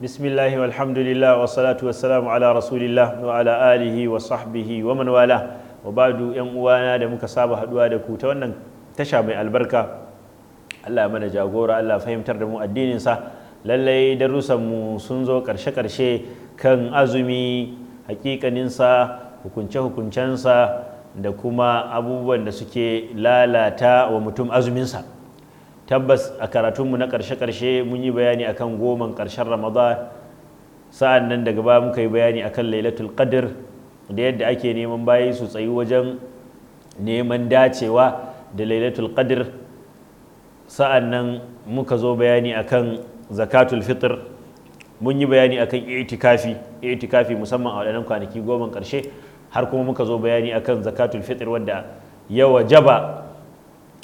bismillahi walhamdulillah wa salatu wassalamu ala rasulillah wa ala alihi wa sahbihi wa manwala wala badu yan uwana da muka saba haduwa da ku ta wannan tasha mai albarka Allah mana jagora Allah fahimtar da mu addinin sa lallai darussanmu sun zo karshe karshe kan azumi hakikaninsa hukunce hukuncensa da kuma abubuwan da suke lalata wa mutum azuminsa tabbas a karatunmu na ƙarshe karshe mun yi bayani akan goman ƙarshen ramadan sa'an nan daga ba muka yi bayani akan lailatul qadr da yadda ake neman bayi su tsayi wajen neman dacewa da lailatul qadr sa'an nan muka zo bayani akan zakatul fitr mun yi bayani akan itikafi itikafi musamman a waɗannan kwanaki goma karshe har kuma muka zo bayani akan zakatul fitr wadda ya wajaba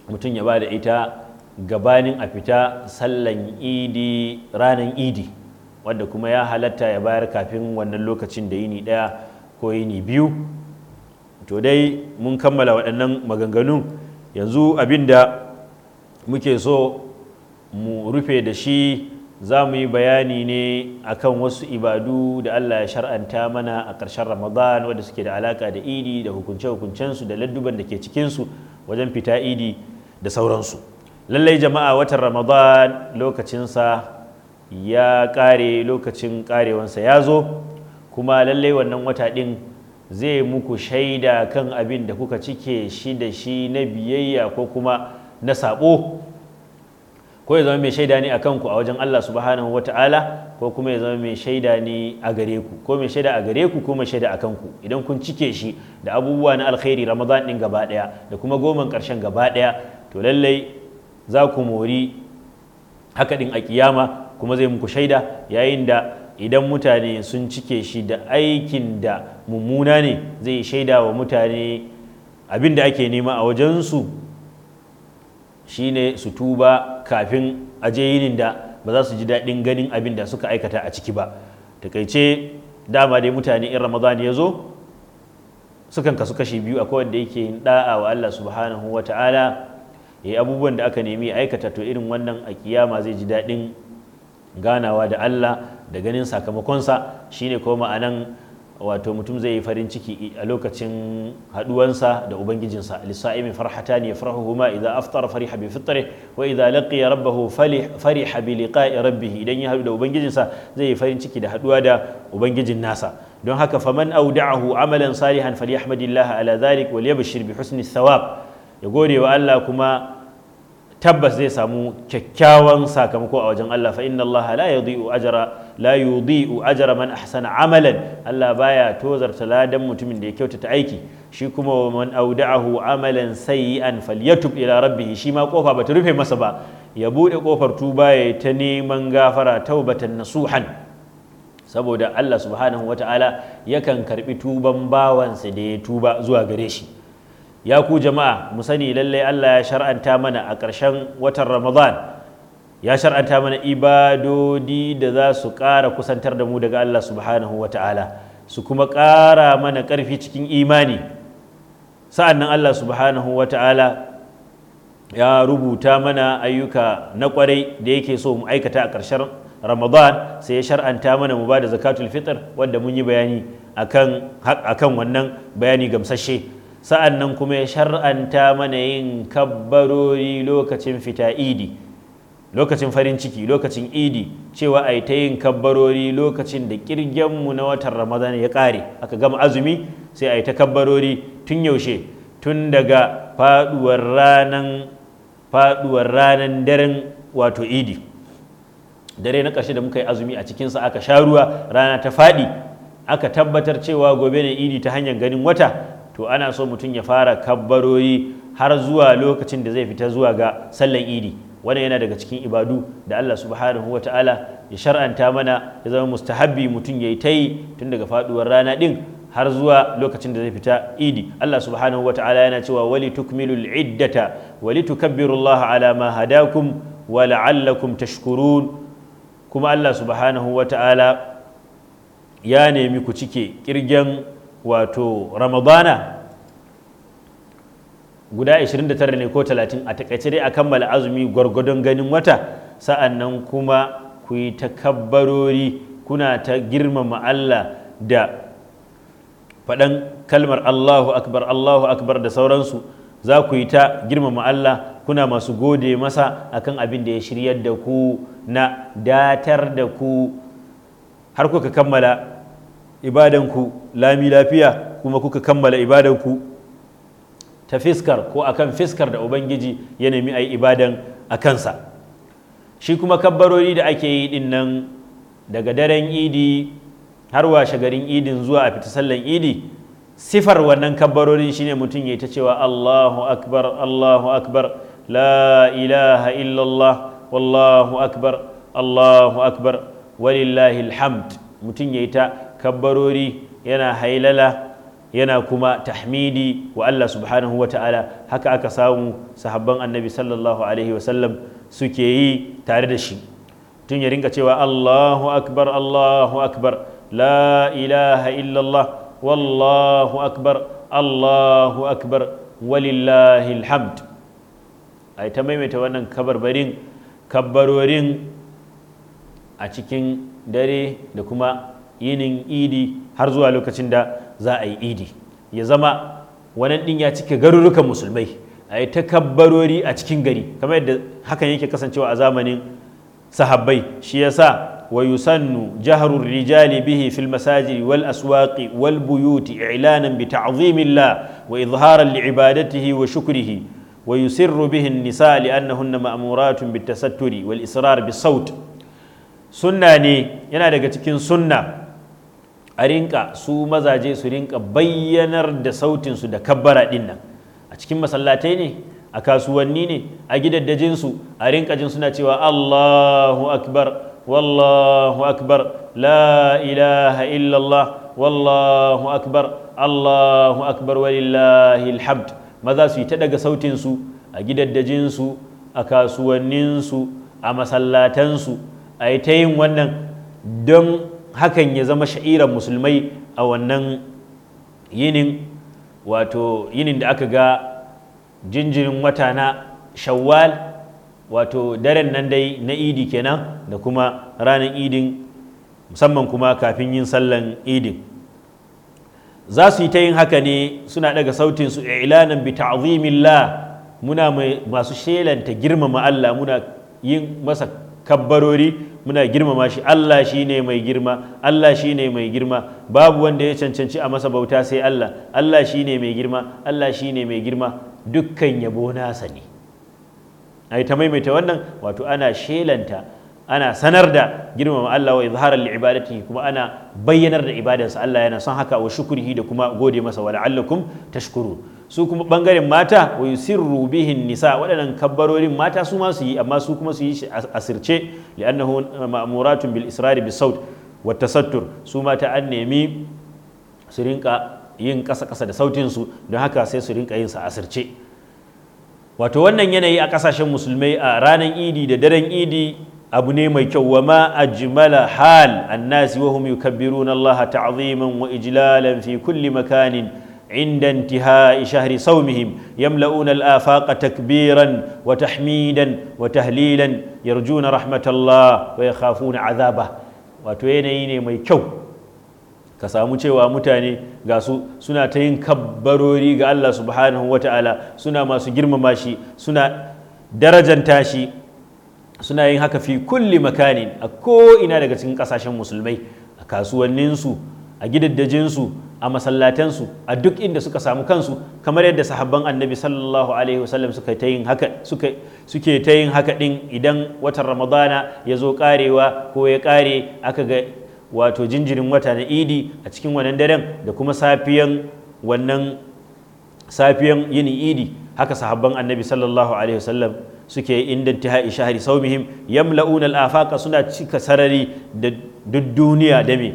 mutum ya ba da ita gabanin a fita sallan idi ranar idi wadda kuma ya halatta ya bayar kafin wannan lokacin da yini daya ko yini biyu to dai mun kammala waɗannan maganganun yanzu abin da muke so mu rufe da shi za mu yi bayani ne akan wasu ibadu da Allah ya shar'anta mana a ƙarshen Ramadan wanda suke da alaka da idi da hukunce-hukuncensu da ladduban da ke cikinsu wajen fita idi da sauransu. Lallai jama'a watan Ramadan lokacinsa ya ƙare lokacin ƙarewansa ya zo kuma lallai wannan wata ɗin zai muku shaida kan abin da kuka cike shi da shi na biyayya ko kuma na saɓo ko ya zama mai shaida ne a kanku a wajen Allah subhanahu wa ta'ala ko kuma ya zama mai shaida ne a gare ku ko mai shaida a gare ku ko mai shaida a kanku idan kun cike shi da abubuwa na alkhairi ramadan din gaba daya da kuma goman karshen gaba daya to lallai za ku mori haka din a kiyama kuma zai muku shaida yayin da idan mutane sun cike shi da aikin da mummuna ne zai shaida wa mutane abin da ake nema a wajensu shine su tuba kafin a je yinin da ba za su ji daɗin ganin abin da suka aikata a ciki ba takaice dama dai mutane in ramadan ya zo sukan kasu kashi biyu akwai wanda yake yin da'a wa Allah subhanahu wa ta'ala yi abubuwan da aka nemi aikata to irin wannan a kiyama zai ji daɗin ganawa da Allah da ganin sakamakonsa shine kuma ma'anan wato mutum zai yi farin ciki a lokacin haduwansa da ubangijinsa lisa'imi farhata ne farahuma idza aftara fariha bi fitrihi wa idza laqiya rabbahu fariha bi liqa'i rabbih idan ya hadu da ubangijinsa zai yi farin ciki da haduwa da ubangijin nasa don haka faman auda'ahu amalan salihan falyahmadillah ala dhalik wal yabshir bi husni thawab ya gode wa Allah kuma tabbas zai samu kyakkyawan sakamako a wajen Allah fa inna Allah la yudhi'u ajra la yudhi'u ajara man ahsana amalan Allah baya tozarta ladan mutumin da ya kyautata aiki shi kuma man auda'ahu amalan sayyi'an falyatub ila rabbi shi ma kofa bata rufe masa ba ya bude kofar tuba ya ta neman gafara taubatan nasuhan saboda Allah subhanahu wata'ala yakan karbi tuban bawansa da ya tuba zuwa gare shi ya ku jama'a mu sani lallai Allah ya shar'anta mana a ƙarshen watan Ramadan ya shar'anta mana ibadodi da za su ƙara kusantar da mu daga Allah subhanahu wa ta'ala su kuma ƙara mana ƙarfi cikin imani sa'an nan Allah subhanahu wa ta'ala ya rubuta mana ayyuka na ƙwarai da yake so mu aikata a ƙarshen ramadan sai ya shar'anta mana mu ba da zakatul fitr wanda mun yi bayani kan wannan bayani gamsashe sa'an nan kuma ya shar'anta mana yin kabbarori lokacin fita idi lokacin farin ciki lokacin idi cewa a yi ta yin kabbarori lokacin da kirgenmu na watan ramadan ya ƙare aka gama azumi sai a yi ta kabbarori tun yaushe tun daga faduwar ranan faɗuwar ranan daren wato idi dare na ƙarshe da muka yi azumi a cikinsa aka sha ruwa rana ta faɗi aka tabbatar cewa gobe ne idi ta hanyar ganin wata to ana so mutum ya fara kabbarori har zuwa lokacin da zai fita zuwa ga sallan idi wannan yana daga cikin ibadu da Allah subhanahu ta'ala ya shar'anta mana ya zama mustahabbi mutum yayi tayi tun daga faduwar rana din har zuwa lokacin da zai fita idi Allah subhanahu ta'ala yana cewa wali tukmilu iddata wali tukabbirullaha ala ma hadakum wa la'allakum tashkurun kuma Allah subhanahu ta'ala ya nemi ku cike kirgen wato ramadana guda 29 ne ko 30 a takaice dai a kammala azumi gwargwadon ganin wata sa'an nan kuma ku yi takabbarori kuna ta girmama Allah da faɗan kalmar Allahu akbar Allahu akbar da sauransu za ku yi ta girmama Allah kuna masu gode masa akan abin da ya shiryar da ku na datar da ku har kuka kammala ibadanku lami lafiya kuma kuka kammala ibadanku ta fiskar ko akan fiskar da ubangiji ya nemi a yi ibadan a kansa shi kuma kabbarori da ake yi din nan daga daren idi har washe garin idin zuwa a fita sallan idi sifar wannan kabbarorin shine mutum ya ta cewa allahu akbar allahu akbar la ilaha illallah wallahu akbar allahu akbar walillahi alhamd mutum ya ta kabbarori yana hailala yana kuma tahmidi wa Allah subhanahu wa ta'ala haka aka samu sahabban annabi sallallahu alaihi wasallam suke yi tare da shi tun ya ringa cewa Allahu akbar Allahu akbar la ilaha illallah wallahu akbar Allahu akbar walillahi alhamd a ta maimaita wannan kabarbarin kabbarorin a cikin dare da kuma yinin idi har zuwa lokacin da za a yi idi ya zama wannan ɗin ya cike garurukan musulmai a yi takabbarori a cikin gari kamar yadda hakan yake kasancewa a zamanin sahabbai shi yasa wa yusannu jahru rijali bihi fil masajid wal aswaqi wal buyuti i'lanan bi ta'zimillah wa izharan li ibadatihi wa shukrihi wa yusirru bihi an-nisa li annahunna ma'muratun tasatturi wal israr bisawt sunna ne yana daga cikin sunna a rinka su mazaje su rinka bayyanar da sautinsu da kabbara ɗin nan a cikin masallatai ne a kasuwanni ne a gidaddajinsu a rinka jin suna cewa allahu akbar wallahu akbar la ilaha illallah wallahu akbar allahu akbar walillahi alhamd maza su yi ta daga sautinsu a gidaddajinsu a kasuwanninsu a masallatansu a yi ta yin wannan don hakan ya zama sha'irar musulmai a wannan yinin wato yinin da aka ga jinjirin wata na shawwal wato daren nan dai na idi kenan da kuma ranar idin musamman kuma kafin yin sallan idin za su yi ta yin haka ne suna daga sautin su ilanan bi ta'zimillah muna masu shelanta girmama Allah muna yin masa kabbarori muna girmama shi Allah shi ne mai girma Allah shi ne mai girma babu wanda ya cancanci a masa bauta sai Allah Allah shi ne mai girma Allah shi ne mai girma dukkan yabo nasa ne ai ta maimaita wannan wato ana shelanta ana sanar da girmama Allah wa izharar ibadatihi kuma ana bayyanar da ibadarsa Allah yana son haka wa shukrihi da kuma gode masa wa la'allakum tashkurun su kuma bangaren mata wa yusirru bihin nisa waɗannan kabbarorin mata su ma su yi amma su kuma su yi asirce li'annahu ma'muratun bil israri bis saut wa tasattur su mata an nemi su rinka yin ƙasa ƙasa da sautin su don haka sai su rinka yin sa asirce wato wannan yanayi a ƙasashen musulmai a ranar idi da daren idi abu ne mai kyau wa ma ajmala hal annasi wa hum yukabbiruna Allah ta'ziman wa ijlalan fi kulli makanin sau عند انتهاء شهر صومهم يملؤون الآفاق تكبيرا وتحميدا وتهليلا يرجون رحمة الله ويخافون عذابه وتوينين ميكو ka samu cewa mutane ga su suna ta yin kabbarori ga Allah subhanahu wa ta'ala suna masu girmama shi suna darajan tashi suna yin haka fi kulli makani a ko'ina daga cikin ƙasashen musulmai a kasuwanninsu a gidaddajinsu a masallatansu a duk inda suka samu kansu kamar yadda sahabban annabi sallallahu alaihi wasallam suka ta yin haka suka suke ta yin haka din idan watan ramadana ya zo karewa ko ya kare aka ga wato jinjirin wata na idi a cikin wannan daren da kuma safiyan wannan safiyan yin idi haka sahabban annabi sallallahu alaihi wasallam suke inda ta shahri saumihim yamla'una al-afaqa suna cika sarari da duk duniya da me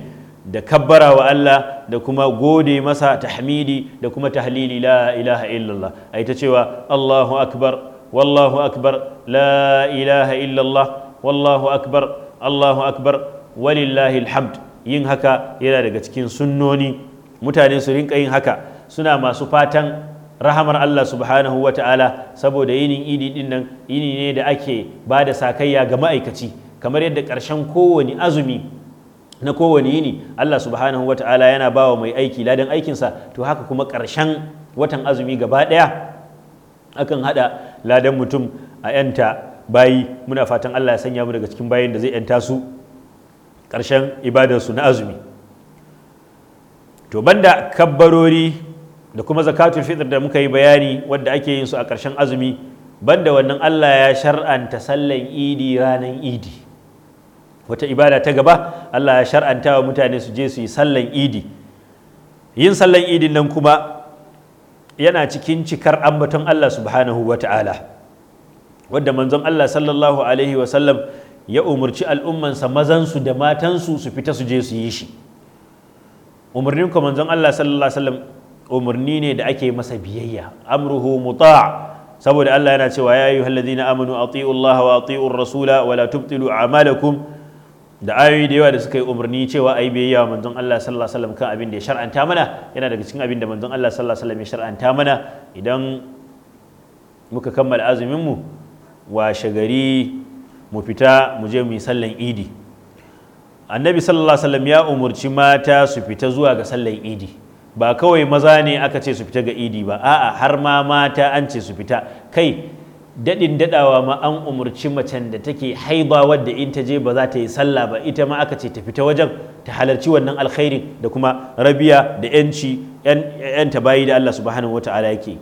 da kabbara wa Allah da kuma gode masa tahmidi da kuma tahlili la ilaha illallah a ta cewa Allahu akbar wallahu akbar la ilaha illallah wallahu akbar Allahu akbar walillahi alhamd yin haka yana daga cikin sunnoni mutane su rinka yin haka suna masu fatan rahamar Allah subhanahu wa ta'ala saboda yinin idi din nan yini ne da ake ba da sakayya ga ma'aikaci kamar yadda ƙarshen kowane azumi na kowane yini Allah subhanahu ta'ala yana bawa mai aiki ladan aikinsa to haka kuma ƙarshen watan azumi gaba ɗaya akan haɗa ladan mutum a yanta bayi muna fatan Allah ya sanya mu daga cikin bayin da zai yanta su ƙarshen ibadarsu na azumi to banda kabbarori da kuma zakatun fitr da muka yi bayani wadda ake yin su a ƙarshen azumi banda wannan Allah ya shar'anta sallan idi ranan idi wata ibada ta gaba Allah ya shar'anta wa mutane su je su yi sallan idi yin sallan idin nan kuma yana cikin cikar ambaton Allah subhanahu wa ta'ala wadda manzon Allah sallallahu alaihi wa sallam ya umarci al'ummansa mazansu da matansu su fita su je su yi shi umarnin ku manzon Allah sallallahu alaihi wa sallam umarni ne da ake masa biyayya amruhu muta' saboda Allah yana cewa ya ayyuhallazina amanu ati'u wa ati'u rasula wa la tubtilu a'malakum da ayoyi da yawa da suka yi umarni cewa yi biyayya wa manzon Allah sallallahu alaihi wasallam kan abin da ya shar'anta mana yana daga cikin abin da manzon Allah sallallahu alaihi wasallam ya shar'anta mana idan muka kammala azumin mu washe gari mu fita mu je mu yi sallan idi annabi sallallahu alaihi wasallam ya umurci mata su fita zuwa ga sallan idi ba kawai maza ne aka ce su fita ga idi ba a'a har ma mata an ce su fita kai daɗin daɗawa ma an umarci macen da take haiba wadda in ta je ba za ta yi sallah ba ita ma aka ce ta fita wajen ta halarci wannan alkhairin da kuma rabiya da yanci yan ta bayi da Allah subhanahu wa ta'ala yake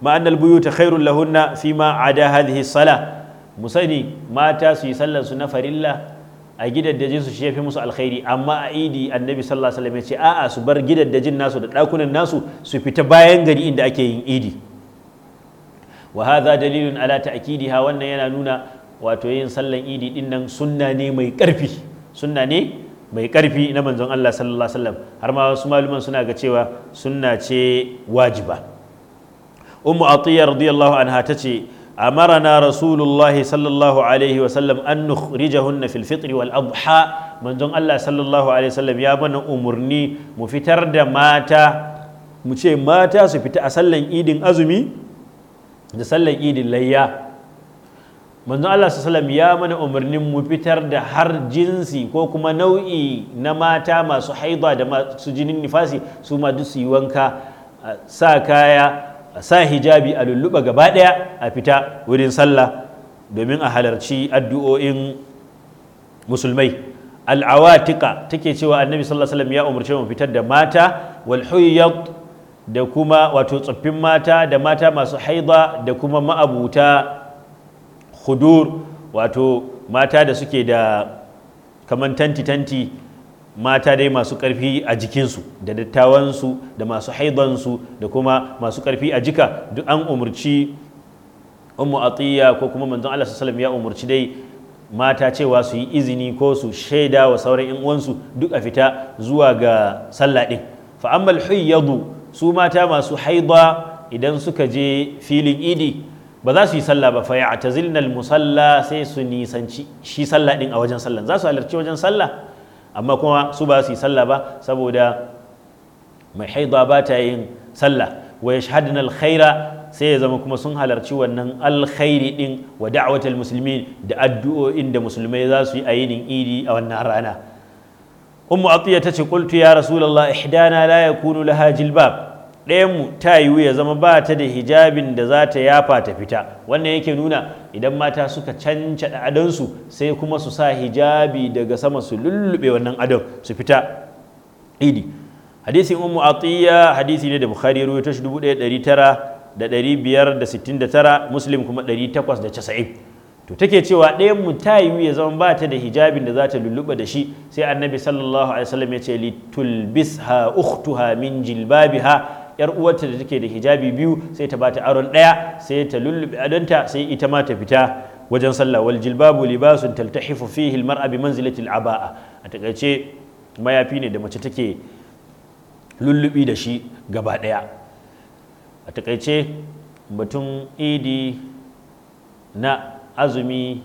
ma'annal buyuta khairul lahunna fi ma ada hadhihi sala musani mata su yi sallar su na farilla a gidaddajin su shi musu alkhairi amma a idi annabi sallallahu alaihi wasallam ya ce a'a su bar gidaddajin nasu da ɗakunan nasu su fita bayan gari inda ake yin idi wa hadha dalilun ala ta'kidiha wannan yana nuna wato yin sallan idi din nan ne mai ƙarfi ne mai na manzon Allah sallallahu alaihi wasallam har ma wasu maluman suna ga cewa sunna ce wajiba ummu atiyya radiyallahu anha tace أمرنا رسول الله صلى الله عليه وسلم أن نخرجهن في الفطر والأضحى من دون الله صلى الله عليه وسلم يا بنا mata مفتر دا ماتا مشي ماتا سفت da sallar idin layya manzo Allah sallam ya mana umarnin mu fitar da har jinsi ko kuma nau'i na mata masu haida da masu jinin nifasi su ma duk su yi wanka sa kaya sa hijabi a lulluɓa gaba ɗaya a fita wurin sallah domin a halarci addu'o'in musulmai al'awatika take cewa annabi sallallahu alaihi wasallam ya umarce mu fitar da mata wal huyyat da kuma wato tsoffin mata da mata masu haida da kuma ma'abuta hudur wato mata da suke da kaman tanti-tanti mata dai masu ƙarfi a jikinsu da dattawansu da masu haidansu da kuma masu ƙarfi a jika duk an umarci ummu atiya ko kuma manzon Allah ya umarci dai mata cewa su yi izini ko su shaida wa sauran yan uwansu duk a fita zuwa ga sallah din fa ammal su mata masu haida idan suka je filin idi ba za su yi sallah ba faya ta zilnal musalla sai su nisanci shi sallah din a wajen sallah za su halarci wajen sallah amma kuma su ba su yi sallah ba saboda mai haida ba ta yin sallah wa yashhadun alkhaira sai ya zama kuma sun halarci wannan alkhairi din wa da'watul muslimin da addu'o'in da musulmai za su yi a yinin idi a wannan rana ummu atiya ta ce kultu ya rasulullah ihdana la yakunu laha jilbab dayan mu ta yiwu ya zama ba ta da hijabin da za ta yafa ta fita wannan yake nuna idan mata suka da adansu sai kuma su sa hijabi daga sama su lullube wannan adon su fita idi hadisin ummu atiya hadisi ne da bukhari ya ruwaito shi 1900 da muslim kuma 890 to take cewa ɗayan mu ya zama ba ta da hijabin da za ta lulluɓa da shi sai annabi sallallahu alaihi wasallam ya ce ha ukhtuha min jilbabiha yar uwarta da take da hijabi biyu sai ta bata aron ɗaya sai ta lulluɓe adonta sai ita ma ta fita wajen sallah wal jilbabu libasun taltahifu fihi al mar'a bi manzilati al aba'a a takaice mayafi ne da mace take lullubi da shi gaba ɗaya a takaice batun idi na azumi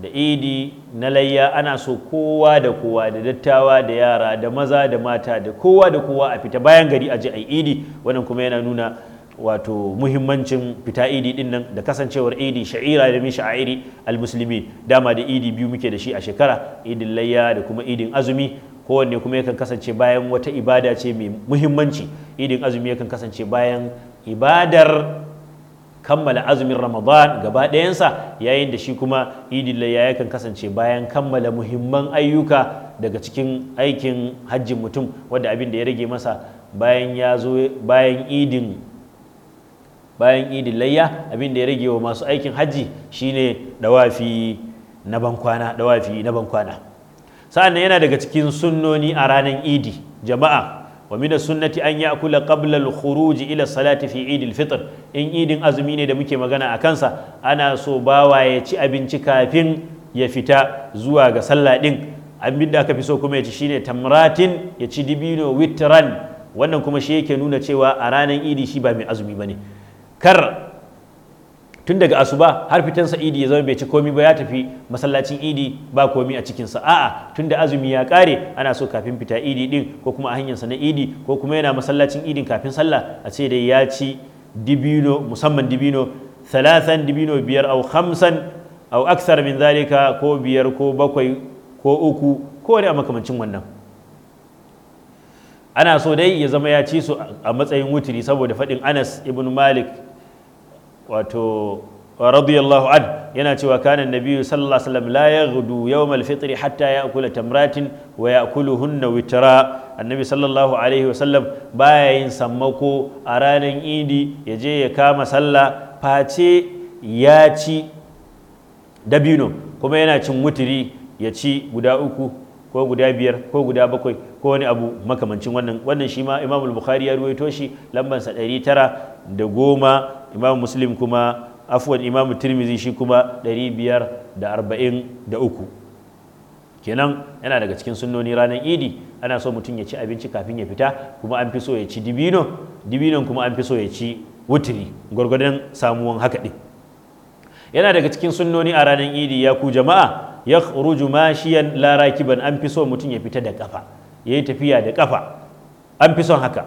da idi na layya ana so kowa da kowa da dattawa da yara da maza da mata da kowa da kowa a fita bayan gari a je a idi wannan kuma yana nuna wato muhimmancin fita idi din nan da kasancewar idi sha'ira da min sha'iri almuslimi dama da idi biyu muke da shi a shekara idin layya da kuma idin azumi kowanne kuma yakan kasance bayan wata ibada ce mai muhimmanci idin azumi yakan kasance bayan ibadar kammala azumin ramadan gaba ɗayansa yayin da shi kuma idin layya yakan kasance bayan kammala muhimman ayyuka daga cikin aikin hajjin mutum Wadda abin da ya rage masa bayan ya zo bayan idin bayan idin layya abin da ya rage wa masu aikin hajji shine dawafi na bankwana dawafi na bankwana sa'an yana daga cikin sunnoni a ranar idi jama'a wa min sunnati an ya'kula qabla al-khuruj ila salati fi idil al in idin azumi ne da muke magana a kansa ana so bawa ya ci abinci kafin ya fita zuwa ga sallah din abin da aka fi so kuma ya ci shine tamratin ya ci dibino witiran wannan kuma shi yake nuna cewa a ranar idi shi ba mai azumi bane kar tun daga asuba har fitan sa idi ya zama bai ci komi ba ya tafi masallacin idi ba komi a cikin sa a'a tun da azumi ya kare ana so kafin fita idi din ko kuma a hanyar sa na idi ko kuma yana masallacin Idi kafin sallah a ce dai ya ci dibino musamman dibino thalathan dibino biyar au khamsan au aksar min zalika ko biyar ko bakwai ko uku ko wani a makamancin wannan ana so dai ya zama ya ci su a matsayin wuturi saboda faɗin anas ibn malik wato radiyallahu an yana cewa kanan nabiyu sallallahu alaihi wasallam la yaghdu yawm al-fitr hatta ya'kula tamratin wa ya'kuluhunna witra annabi sallallahu alaihi wasallam baya yin sammako a ranar idi ya je ya kama sallah face ya ci dabino kuma yana cin wutiri ya ci guda uku ko guda biyar ko guda bakwai ko wani abu makamancin wannan wannan shi ma imamul bukhari ya ruwaito shi lambansa ɗari tara da goma Imamu muslim kuma afuwan imam tirmizi shi kuma 543 kenan yana daga cikin sunnoni ranar idi ana so mutum ya ci abinci kafin ya fita kuma an fi so ya ci dibino dibinon kuma an fi so ya ci wutiri gwargwadon samuwan haka ɗin yana daga cikin sunnoni a ranar idi ya ku jama'a ya ruju mashiyan larakiban an fi so mutum ya fita da kafa ya yi tafiya da kafa an fi son haka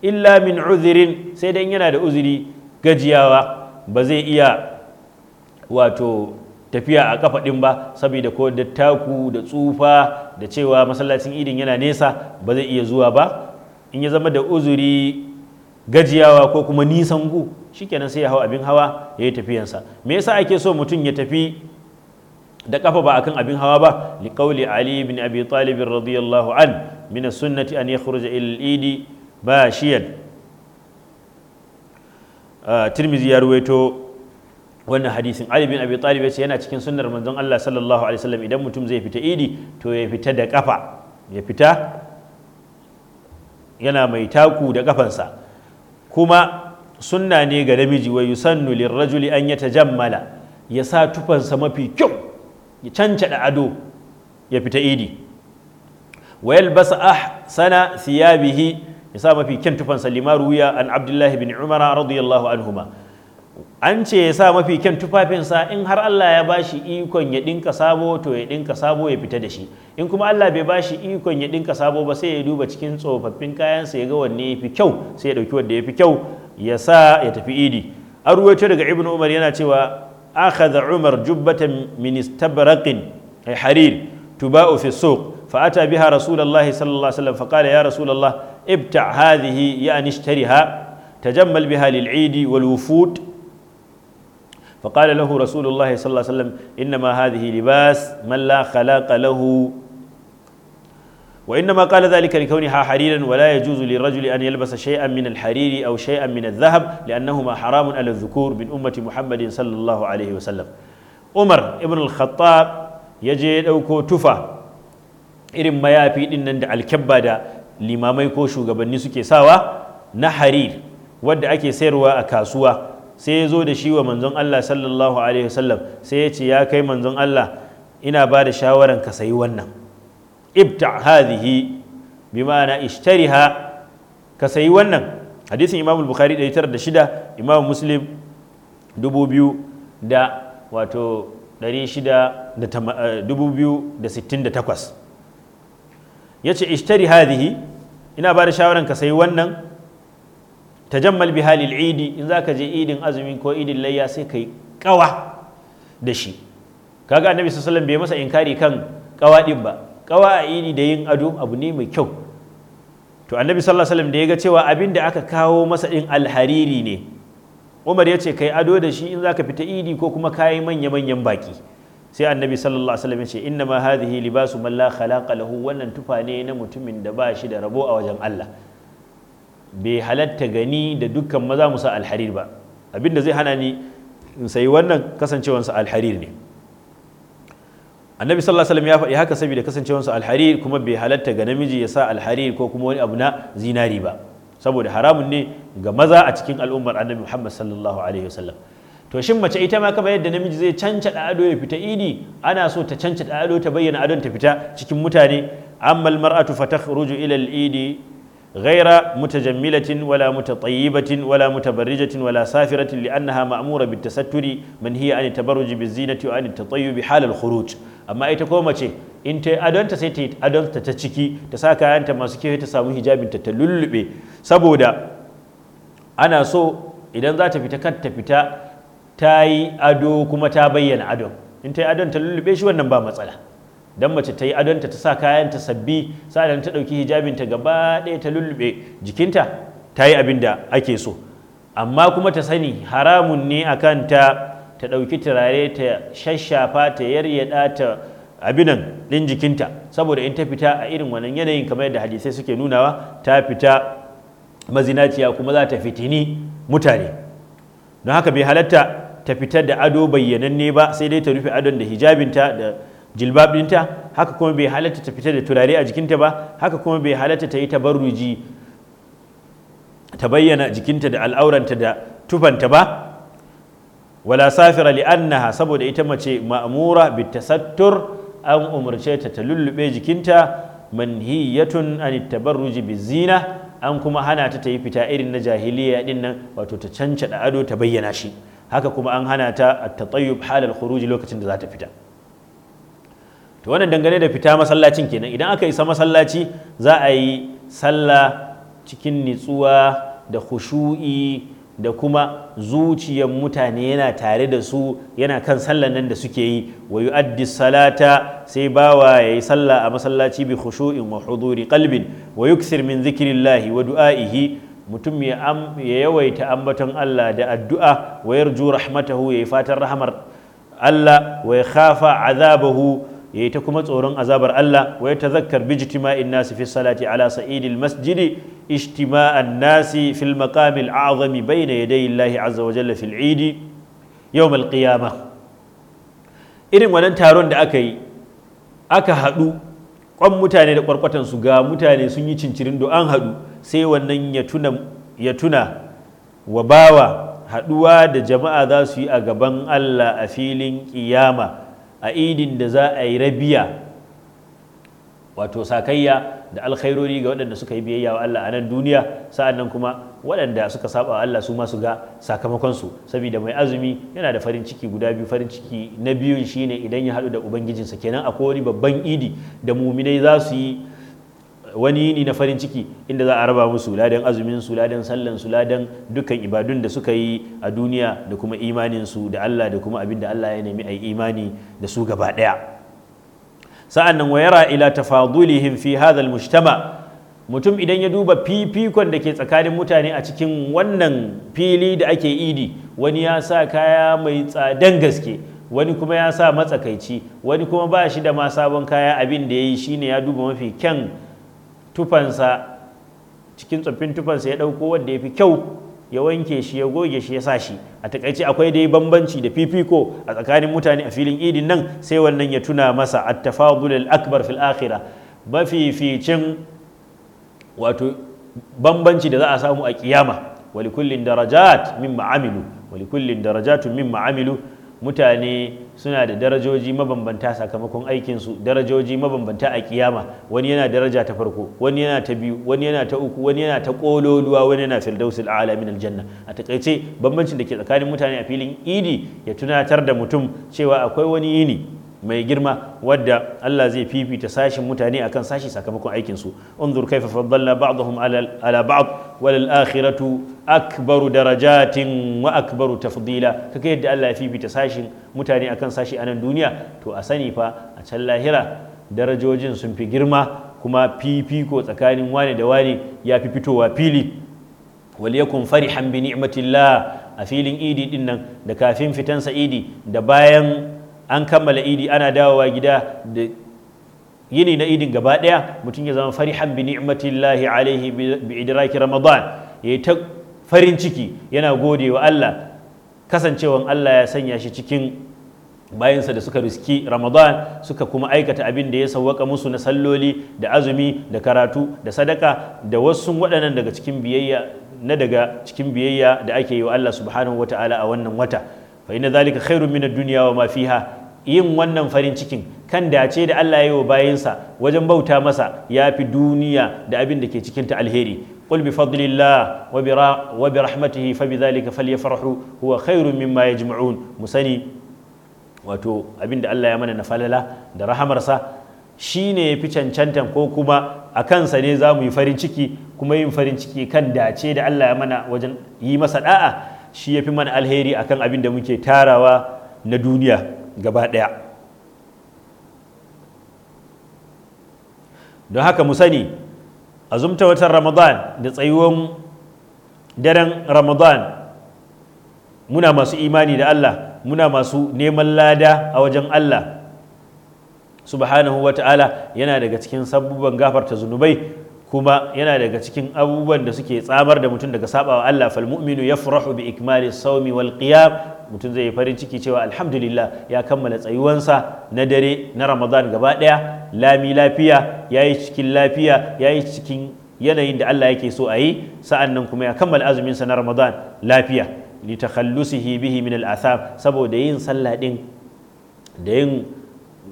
illa min uzirin sai dan yana da uzuri gajiyawa ba zai iya wato tafiya a kafa ɗin ba saboda ko da taku da tsufa da cewa masallacin idin yana nesa ba zai iya zuwa ba in ya zama da uzuri gajiyawa ko kuma nisan gu shikenan sai ya hau abin hawa ya yi tafiyansa me yasa ake so mutum ya tafi da kafa ba akan abin hawa ba li liqauli ali ibn abi talib radiyallahu an min as-sunnati an yakhruja ila al-idi bashiyan Eh, tirmizi ya ruwaito wannan hadisin ali bin abi talib yace yana cikin sunnar manzon Allah sallallahu alaihi wasallam idan mutum zai fita idi to ya fita da kafa ya fita yana mai taku da kafansa kuma sunna ne ga namiji wa yusannu lirrajuli an yatajammala ya sa tufansa mafi kyau ya cancada ado ya fita idi wa yalbasa ahsana thiyabihi yasa sa mafi kyan tufan limaru an abdullahi bin umara radiyallahu anhuma an ce ya sa mafi kyan tufafinsa in har Allah ya bashi ikon ya dinka sabo to ya dinka sabo ya fita da shi in kuma Allah bai bashi ikon ya dinka sabo ba sai ya duba cikin tsofaffin kayansa ya ga wanne ya fi kyau sai ya ɗauki wanda ya fi kyau ya ya tafi idi an ruwaito daga ibn umar yana cewa akhadha umar jubbatan min istabraqin harir tuba'u fi suq fa ata biha rasulullahi sallallahu alaihi wasallam fa qala ya rasulullah ابتع هذه يعني اشترها تجمل بها للعيد والوفود فقال له رسول الله صلى الله عليه وسلم إنما هذه لباس من لا خلاق له وإنما قال ذلك لكونها حريرا ولا يجوز للرجل أن يلبس شيئا من الحرير أو شيئا من الذهب لأنهما حرام على الذكور من أمة محمد صلى الله عليه وسلم عمر ابن الخطاب يجي أوكو كوتفا إرم ما يابي nan da الكبادة limamai ko shugabanni suke sawa na harir wadda ake sayarwa a kasuwa sai ya zo da shi wa manzon Allah sallallahu alaihi wasallam sai ya ce ya kai manzon Allah ina ba da shawaran ka sayi wannan ibta hadhihi bi ma'ana ishtariha ka sayi wannan hadisin Imam Bukhari 906 Imam Muslim 2000 da wato 668 ya ce ishtari hadihi ina ba da shawaran ka sayi wannan tajammal bi halil idi in za ka je idin azumin ko idin layya sai ka yi kawa da shi kaga annabi sallallahu bai masa inkari kan kawa din ba kawa a idi da yin ado abu ne mai kyau to annabi sallallahu alaihi da ya ga cewa abin da aka kawo masa din alhariri ne umar ya ce kai ado da shi in za ka fita idi ko kuma kayi manya-manyan baki sai annabi sallallahu alaihi wasallam ya ce inna ma hadhihi libasu man la khalaqa lahu wannan tufa ne na mutumin da ba shi da rabo a wajen Allah bai halatta gani da dukkan maza musa alharir ba abinda zai hana ni in sai wannan kasancewansa alharir ne annabi sallallahu alaihi wasallam ya faɗi haka saboda kasancewansa alharir kuma bai halatta ga namiji ya sa alharir ko kuma wani abu na zinari ba saboda haramun ne ga maza a cikin al'ummar annabi muhammad sallallahu alaihi wasallam to shin mace ita ma kamar yadda namiji zai cancada ado ya fita idi ana so ta cancada ado ta bayyana adon ta fita cikin mutane ammal mar'atu fa takhruju ila al-idi ghaira mutajammilatin wala mutatayyibatin wala mutabarrijatin wala safiratin li'annaha ma'mura bitasatturi man hiya an tabarruji bizinati wa an tatayyubi hal al-khuruj amma ita ko mace in ta adonta sai ta adonta ta ciki ta sa kayanta masu kyau ta samu hijabin ta ta lullube saboda ana so idan za ta fita kan ta fita ta yi ado kuma ta bayyana ado in ta yi adon ta lullube shi wannan ba matsala dan mace ta yi adonta ta sa kayan ta sabbi sa'an ta ɗauki hijabinta gaba ɗaya ta lullube jikinta ta yi abin da ake so amma kuma ta sani haramun ne a kanta ta ɗauki turare ta shashafa ta yaryada ta abinan ɗin jikinta saboda in ta fita a irin wannan yanayin kamar yadda hadisai suke nunawa ta fita mazinaciya kuma za ta fitini mutane don haka bai halatta ta fitar da ado bayyananne ba sai dai ta rufe adon da hijabinta da jilbabinta haka kuma bai halatta ta fitar da turare a jikinta ba haka kuma bai halatta ta yi tabarruji ta bayyana jikinta da al'auranta da tufanta ba wala safira annaha saboda ita mace ma'mura bitasattur an umarce ta ta lullube jikinta manhiyatun an tabarruji bizina an kuma hana ta ta yi fita irin na jahiliya din nan wato ta cancada ado ta bayyana shi haka kuma an hana ta a tatayyub halal kuruji lokacin da za ta fita to wannan dangane da fita masallacin kenan idan aka isa masallaci za a yi sallah cikin nitsuwa da khushu'i da kuma zuciyar mutane yana tare da su yana kan sallan nan da suke yi wa yu'addi salata sai bawa ya yi sallah a masallaci bi khushu'in wa huduri qalbin wa yuksir min zikirillahi wa du'a'ihi mutum ya yawaita ambaton Allah da addu'a wa yarju rahmatahu yayi fatan rahmar Allah wa ya khafa azabahu yayi ta kuma tsoron azabar Allah wa ya tazakkar bi jitima'in nasi fi salati ala sa'idil masjidi ijtima'an nasi fil maqamil a'zami bayna yaday Allah azza wa jalla fil 'idi yawm al qiyamah irin wannan taron da aka yi aka haɗu kwan mutane da kwarkwatan su ga mutane sun yi cincirin do an haɗu sai wannan ya tuna wa bawa haɗuwa da jama'a za su yi a gaban Allah a filin ƙiyama a idin da za a yi rabiya wato sakayya da alkhairori ga waɗanda suka yi biyayya wa Allah a nan duniya sa'an nan kuma waɗanda suka saba wa Allah su ma su ga sakamakonsu saboda mai azumi yana da farin ciki guda biyu farin ciki na biyun shine idan ya haɗu da ubangijinsa kenan akwai wani babban idi da muminai za su yi wani yini na farin ciki inda za a raba musu ladan azumin su ladan sallan su ladan dukkan ibadun da suka yi a duniya da kuma imanin su da Allah da kuma abin da Allah ya nemi a imani da su gaba daya sa'annan nan wayara ila tafadulihim fi hadha almujtama mutum idan ya duba fifikon da ke tsakanin mutane a cikin wannan fili da ake idi wani ya sa kaya mai tsadan gaske wani kuma ya sa matsakaici wani kuma ba shi da ma sabon kaya abin da ya yi shine ya duba mafi kyan tufansa cikin tsoffin tufansa ya ɗauko wanda ya fi kyau ya wanke shi ya goge shi ya sa shi a takaice akwai dai bambanci da fifiko a tsakanin mutane a filin idin nan sai wannan ya tuna masa a tafadul akbar fil akhirah mafificin wato bambanci da za a samu a kiyama wali kullin darajat min ma'amilu wali mutane suna da darajoji mabambanta sakamakon aikinsu darajoji mabambanta a kiyama wani yana daraja ta farko wani yana ta biyu wani yana ta uku wani yana ta kololuwa wani yana firdausul a'ala min aljanna a takaice bambancin da ke tsakanin mutane a filin idi ya tunatar da mutum cewa akwai wani yini mai girma wadda Allah zai fifita sashin mutane akan sashi sakamakon aikin su unzur kaifa faddalna ba'dahum ala ba'd wal akhiratu akbaru darajatin wa akbaru tafdila kaga yadda Allah ya fifita sashin mutane akan sashi a nan duniya to a sani fa a can lahira darajojin sun fi girma kuma fifiko tsakanin wane da wane ya fi fitowa fili wal yakun farihan bi ni'matillah a filin idi din nan da kafin fitansa idi da bayan an kammala idi ana dawowa gida da yini na idin gaba daya mutum ya zama farihan bi ni'matillahi alaihi bi idraki ramadan yayi ta farin ciki yana gode wa Allah kasancewan Allah ya sanya shi cikin bayansa da suka riski ramadan suka kuma aikata abin da ya sauwaka musu na salloli da azumi da karatu da sadaka da wasu waɗannan daga cikin biyayya na daga cikin biyayya da ake yi wa Allah subhanahu wata'ala a wannan wata fa inna zalika khairun min ad-dunya wa ma fiha yin wannan farin cikin kan dace da Allah ya yi wa bayansa wajen bauta masa ya fi duniya da abin da ke cikin ta alheri قل بفضل الله وبرحمته فبذلك فليفرحوا هو خير مما يجمعون مسني wato da Allah ya mana na falala da rahamarsa shine ya fi cancantan ko kuma a kansa ne za mu yi farin ciki kuma yin farin ciki kan dace da Allah ya mana wajen yi masa da'a shi ya fi mana alheri akan abin da muke tarawa na duniya gaba ɗaya don haka mu sani azumta watan ramadan da tsayuwan daren ramadan muna masu imani da Allah muna masu neman lada a wajen Allah subhanahu wa ta'ala yana daga cikin sabubban gafarta zunubai kuma yana daga cikin abubuwan da suke tsamar da mutum daga sabawa Allah fal mu'minu yafrahu bi ikmali saumi wal qiyam mutum zai yi farin ciki cewa alhamdulillah ya kammala tsayuwansa na dare na ramadan gaba ɗaya lami lafiya ya yi cikin lafiya ya yi cikin yanayin da allah yake so a yi sa'an nan kuma ya kammala azuminsa na ramadan lafiya litakhallusihi bihi min al'atham saboda yin sallah din da yin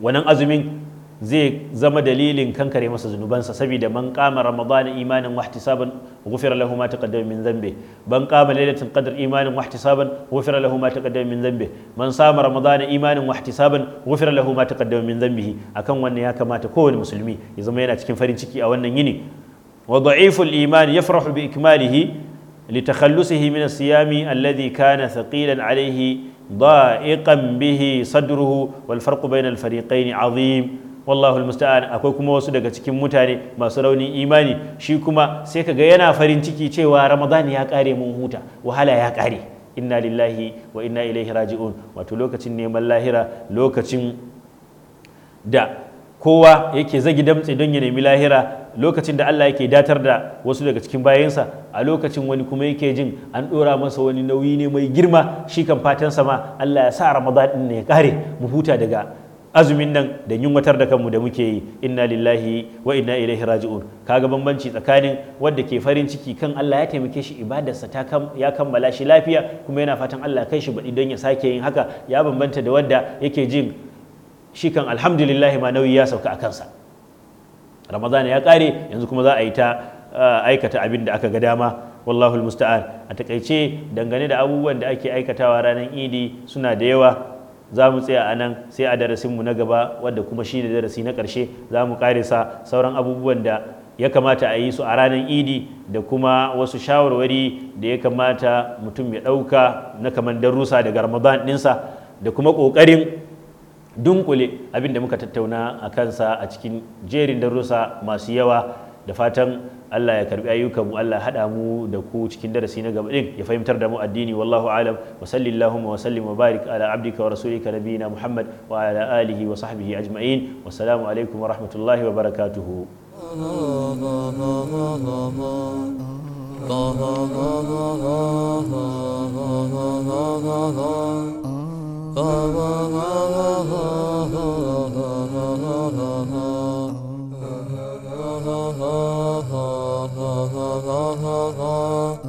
wannan azumin zai zama dalilin kankare masa zunubansa saboda man kama ramadana imanin wahtisaban ghufira lahu ma taqaddama min dhanbi ban kama lailatul qadr imanin wahtisaban ghufira lahu ma taqaddama min dhanbi man sama ramadana imanin wahtisaban ghufira lahu ma taqaddama min dhanbihi akan wannan ya kamata kowane musulmi ya zama yana cikin farin ciki a wannan yini wa da'iful iman bi ikmalihi لتخلصه من الصيام الذي كان ثقيلا عليه ضائقا به صدره والفرق بين الفريقين عظيم wallahul musta'an akwai kuma wasu daga cikin mutane masu raunin imani shi kuma sai ka ga yana farin ciki cewa ramadan ya kare mun huta wahala ya kare inna lillahi wa inna ilaihi raji'un wato lokacin neman lahira lokacin da kowa yake zagi damtse don ya nemi lahira lokacin da Allah yake datar da wasu daga cikin bayansa a lokacin wani kuma yake jin an dora masa wani nauyi ne mai girma shi kan fatan sama Allah ya sa Ramadan ɗin ya kare mu huta daga azumin nan da yunwatar da kanmu da muke yi inna lillahi wa inna ilaihi raji'un kaga bambanci tsakanin wadda ke farin ciki kan Allah ya taimake shi ibadarsa ta ya kammala shi lafiya kuma yana fatan Allah kai shi baɗi don ya sake yin haka ya bambanta da wadda yake jin shi kan alhamdulillah ma nauyi ya sauka a kansa ramadan ya kare yanzu kuma za a yi ta aikata abin da aka ga dama wallahu musta'an a takaice dangane da abubuwan da ake aikatawa ranar idi suna da yawa za mu tsaya a nan sai a darasinmu na gaba wadda kuma shi ne darasi na ƙarshe za mu ƙare sa sauran abubuwan da ya kamata a yi su a ranar idi da kuma wasu shawarwari da ya kamata mutum ya ɗauka na kamar darussa daga ramadan ɗinsa da kuma ƙoƙarin dunkule abin da muka tattauna a kansa a cikin jerin darussa masu yawa da fatan Allah ya karbi ayyukan mu Allah hada mu da ku cikin darasi na gaba din ya fahimtar da mu addini wallahu alam wa sallallahu wa sallim wa barik ala abdika wa rasulika nabiyina Muhammad wa ala alihi wa sahbihi ajma'in wa salamu alaikum wa rahmatullahi wa barakatuhu Oh, ha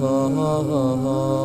ha